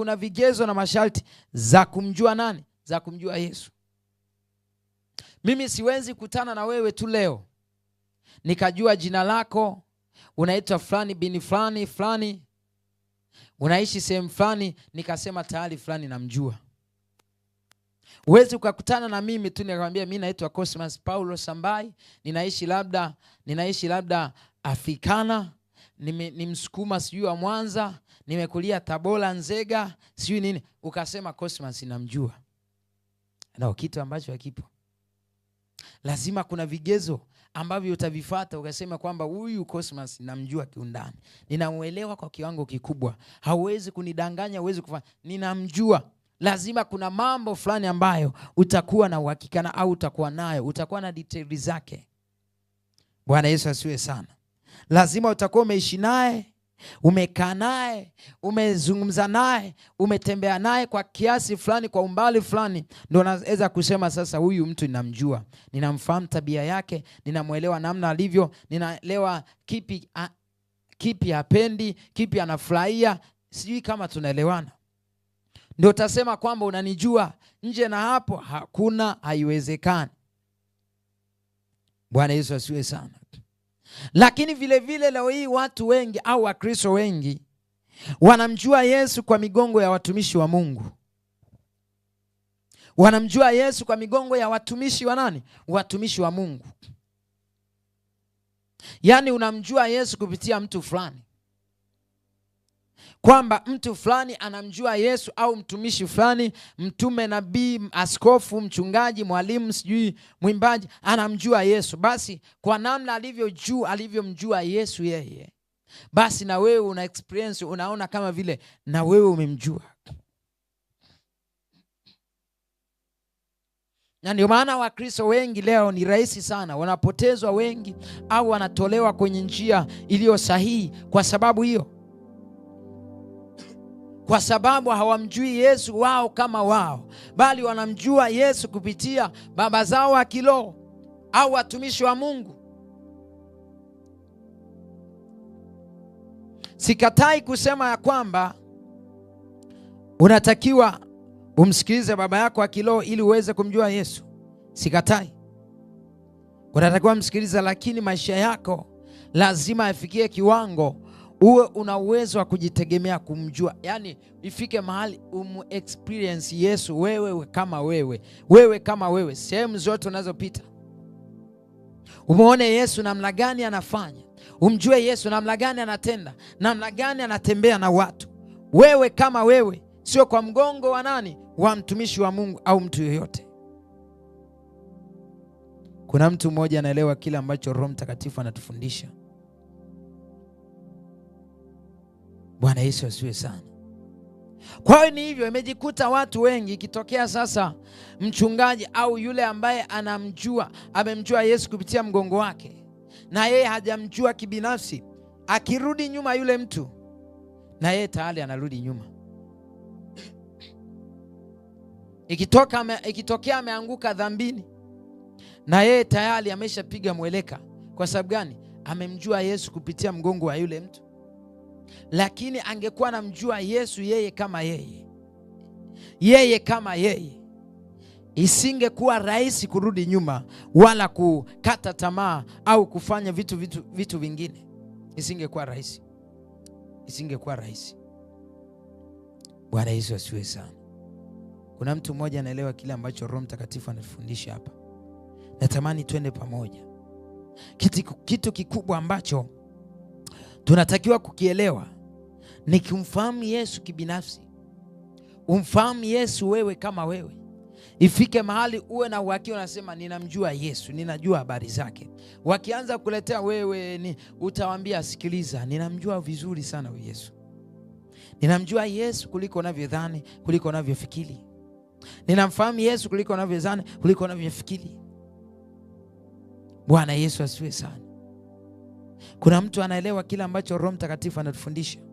kuna vigezo na masharti za kumjua nani? Za kumjua Yesu. Mimi siwezi kutana na wewe tu leo nikajua jina lako, unaitwa fulani bini fulani fulani, unaishi sehemu fulani, nikasema tayari fulani namjua. Huwezi ukakutana na mimi tu nikakwambia mimi naitwa Cosmas Paulo Sambai, ninaishi labda ninaishi labda Afrikana ni Msukuma sijui wa Mwanza, nimekulia tabola Nzega, sijui nini, ukasema Cosmas namjua. No, kitu ambacho hakipo. Lazima kuna vigezo ambavyo utavifata ukasema kwamba huyu Cosmas namjua kiundani, ninamuelewa kwa kiwango kikubwa, hauwezi kunidanganya, hauwezi kufanya, ninamjua. Lazima kuna mambo fulani ambayo utakuwa na uhakika au utakuwa nayo, utakuwa na detaili zake. Bwana Yesu asiwe sana lazima utakuwa umeishi naye, umekaa naye, umezungumza naye, umetembea naye kwa kiasi fulani, kwa umbali fulani, ndo naweza kusema sasa, huyu mtu ninamjua, ninamfahamu tabia yake, ninamwelewa namna alivyo, ninaelewa kipi kipi hapendi, kipi anafurahia. Sijui kama tunaelewana. ndo utasema kwamba unanijua. Nje na hapo hakuna, haiwezekani. Bwana Yesu asiwe sana. Lakini vilevile vile leo hii watu wengi au Wakristo wengi wanamjua Yesu kwa migongo ya watumishi wa Mungu, wanamjua Yesu kwa migongo ya watumishi wa nani? Watumishi wa Mungu. Yaani unamjua Yesu kupitia mtu fulani kwamba mtu fulani anamjua Yesu au mtumishi fulani, mtume, nabii, askofu, mchungaji, mwalimu, sijui mwimbaji, anamjua Yesu. Basi kwa namna alivyojuu alivyomjua Yesu yeye, basi na wewe una experience, unaona kama vile na wewe umemjua. Na ndio maana Wakristo wengi leo ni rahisi sana wanapotezwa wengi, au wanatolewa kwenye njia iliyo sahihi kwa sababu hiyo kwa sababu hawamjui Yesu wao kama wao, bali wanamjua Yesu kupitia baba zao wa kiloo au watumishi wa Mungu. Sikatai kusema ya kwamba unatakiwa umsikilize baba yako wa kiloo ili uweze kumjua Yesu. Sikatai, unatakiwa msikiliza, lakini maisha yako lazima yafikie kiwango uwe una uwezo wa kujitegemea kumjua, yaani ifike mahali umexperience Yesu wewe kama wewe, wewe kama wewe, sehemu zote unazopita umeone Yesu namna gani anafanya, umjue Yesu namna gani anatenda, namna gani anatembea na watu, wewe kama wewe, sio kwa mgongo wa nani, wa mtumishi wa Mungu au mtu yoyote. Kuna mtu mmoja anaelewa kile ambacho Roho Mtakatifu anatufundisha Bwana Yesu asiwe sana. Kwa hiyo ni hivyo, imejikuta watu wengi, ikitokea sasa mchungaji au yule ambaye anamjua amemjua Yesu kupitia mgongo wake na yeye hajamjua kibinafsi, akirudi nyuma yule mtu, na yeye tayari anarudi nyuma. Ikitoka, ikitokea ameanguka dhambini, na yeye tayari ameshapiga mweleka. Kwa sababu gani? Amemjua Yesu kupitia mgongo wa yule mtu lakini angekuwa anamjua Yesu yeye kama yeye, yeye kama yeye, isingekuwa rahisi kurudi nyuma wala kukata tamaa au kufanya vitu, vitu, vitu vingine. Isingekuwa rahisi, isingekuwa rahisi. Bwana Yesu asiwe sana. Kuna mtu mmoja anaelewa kile ambacho Roho Mtakatifu anafundisha hapa. Natamani twende pamoja. Kitu, kitu kikubwa ambacho tunatakiwa kukielewa. Nikimfahamu Yesu kibinafsi, umfahamu Yesu wewe kama wewe, ifike mahali uwe na uhakika unasema, ninamjua Yesu, ninajua habari zake. Wakianza kuletea wewe ni, utawambia sikiliza, ninamjua vizuri sana huyu Yesu, ninamjua Yesu kuliko unavyodhani, kuliko unavyofikiri, ninamfahamu Yesu kuliko unavyodhani, kuliko unavyofikiri. Bwana Yesu asiwe sana kuna mtu anaelewa kile ambacho Roho Mtakatifu anatufundisha?